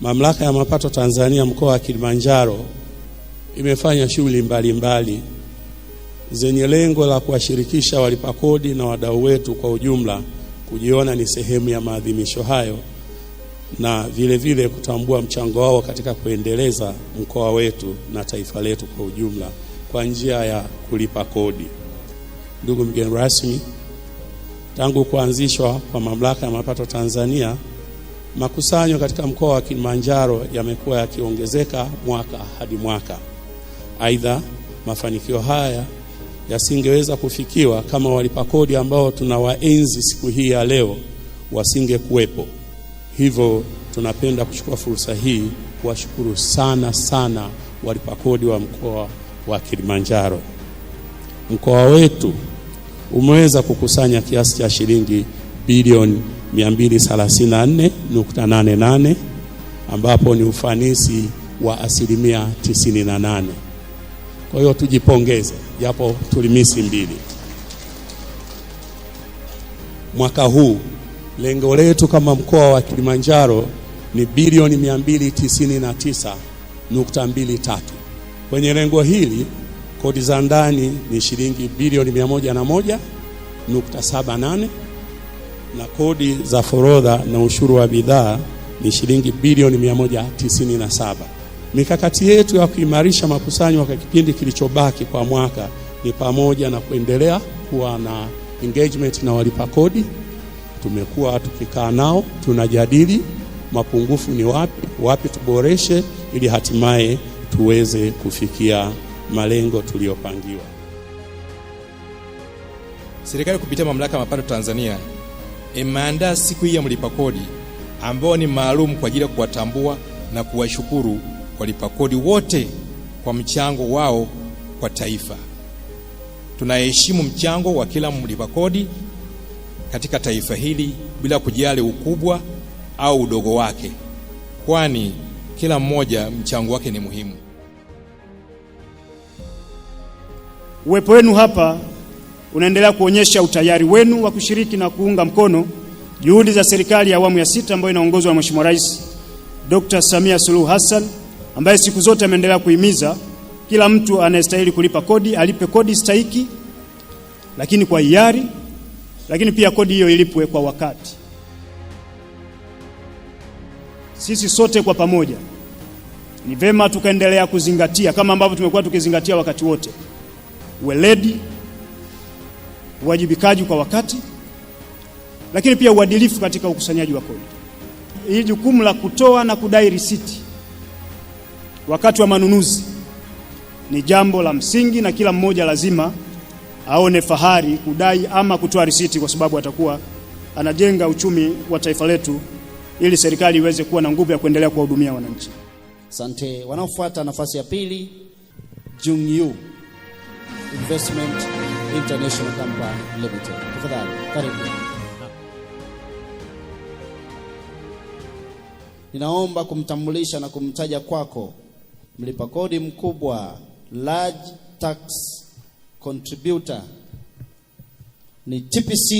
Mamlaka ya Mapato Tanzania mkoa wa Kilimanjaro imefanya shughuli mbalimbali zenye lengo la kuwashirikisha walipa kodi na wadau wetu kwa ujumla kujiona ni sehemu ya maadhimisho hayo na vile vile kutambua mchango wao katika kuendeleza mkoa wetu na taifa letu kwa ujumla kwa njia ya kulipa kodi. Ndugu mgeni rasmi, tangu kuanzishwa kwa Mamlaka ya Mapato Tanzania Makusanyo katika mkoa wa Kilimanjaro yamekuwa yakiongezeka mwaka hadi mwaka. Aidha, mafanikio haya yasingeweza kufikiwa kama walipa kodi ambao tunawaenzi siku hii ya leo wasingekuwepo. Hivyo tunapenda kuchukua fursa hii kuwashukuru sana sana walipa kodi wa mkoa wa Kilimanjaro. Mkoa wetu umeweza kukusanya kiasi cha shilingi bilioni 234.88 ambapo ni ufanisi wa asilimia 98. Kwa hiyo tujipongeze, japo tulimisi mbili mwaka huu. Lengo letu kama mkoa wa Kilimanjaro ni bilioni 299.23. Kwenye lengo hili kodi za ndani ni shilingi bilioni 101.78 na kodi za forodha na ushuru wa bidhaa ni shilingi bilioni 197. Mikakati yetu ya kuimarisha makusanyo kwa kipindi kilichobaki kwa mwaka ni pamoja na kuendelea kuwa na engagement na walipa kodi. Tumekuwa tukikaa nao, tunajadili mapungufu ni wapi, wapi tuboreshe ili hatimaye tuweze kufikia malengo tuliyopangiwa. Serikali kupitia Mamlaka ya Mapato Tanzania imeandaa siku hii ya mlipa kodi ambayo ni maalum kwa ajili ya kuwatambua na kuwashukuru walipa kodi wote kwa mchango wao kwa taifa. Tunaheshimu mchango wa kila mlipa kodi katika taifa hili bila kujali ukubwa au udogo wake, kwani kila mmoja mchango wake ni muhimu. Uwepo wenu hapa unaendelea kuonyesha utayari wenu wa kushiriki na kuunga mkono juhudi za serikali ya awamu ya sita ambayo inaongozwa na Mheshimiwa Rais Dr. Samia Suluhu Hassan ambaye siku zote ameendelea kuhimiza kila mtu anayestahili kulipa kodi alipe kodi stahiki, lakini kwa hiari, lakini pia kodi hiyo ilipwe kwa wakati. Sisi sote kwa pamoja ni vema tukaendelea kuzingatia kama ambavyo tumekuwa tukizingatia wakati wote, weledi, uwajibikaji kwa wakati, lakini pia uadilifu katika ukusanyaji wa kodi. Hili jukumu la kutoa na kudai risiti wakati wa manunuzi ni jambo la msingi, na kila mmoja lazima aone fahari kudai ama kutoa risiti, kwa sababu atakuwa anajenga uchumi wa taifa letu ili serikali iweze kuwa na nguvu ya kuendelea kuwahudumia wananchi. Asante. Wanaofuata nafasi ya pili, Yu Investment International Company Limited. Tafadhali karibu. Ninaomba kumtambulisha na kumtaja kwako mlipa kodi mkubwa large tax contributor ni TPC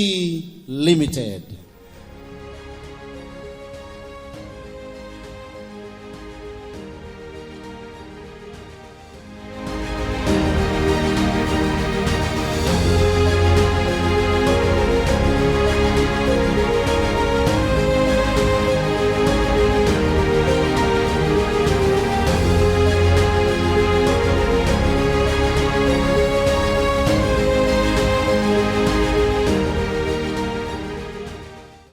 Limited.